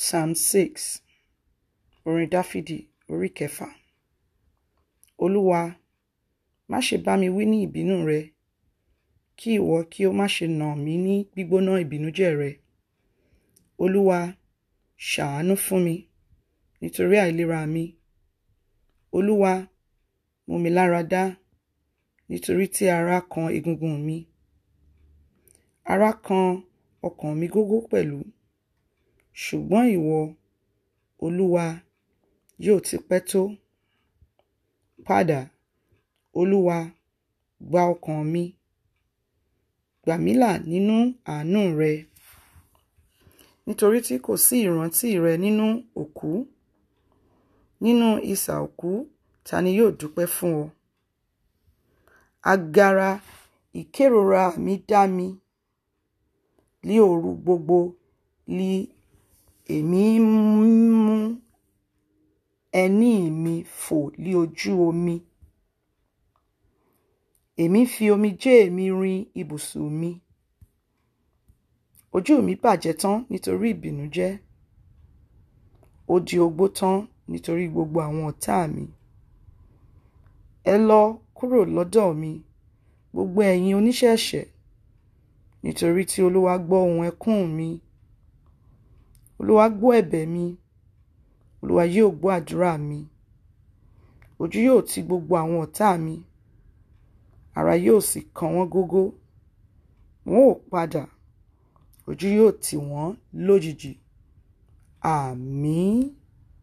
psalm six orin dáfídì orí kẹfà olúwa má ṣe bá mi wí ní ìbínú rẹ kí ìwọ kí o má ṣe nà mí ní gbígbóná ìbínújẹ́ rẹ olúwa ṣàánú fún mi nítorí àìlera mi olúwa mú mi lára dá nítorí tí ara kan egungun mi ara kan ọkàn mi gógó pẹ̀lú ṣùgbọ́n ìwọ olúwa yóò ti pẹ́ tó padà olúwa gba ọkàn mi gbà mí là nínú àánú rẹ nítorí tí kò sí ìrántí rẹ nínú òkú nínú isà òkú ta ni yóò dúpẹ́ fún ọ agara ìkérora mi dá mi lí òru gbogbo lí èmi ń mú ẹní mi fò lí ojú omi èmi fi omijé mi rin ibùsùn mi ojú mi bàjẹ́ tán nítorí ìbìnújẹ́ ó di ogbó tán nítorí gbogbo àwọn ọ̀tá mi ẹ lọ kúrò lọ́dọ̀ mi gbogbo ẹ̀yin oníṣẹ̀ṣẹ̀ nítorí tí olúwa gbọ́ ohùn ẹkún mi olúwa gbọ́ ẹ̀bẹ̀ mi olúwa yóò gbọ́ àdúrà mi ojú yóò ti gbogbo àwọn ọ̀tá mi ara yóò sì kàn wọ́n gógó wọn ò padà ojú yóò tì wọ́n lójijì àmín.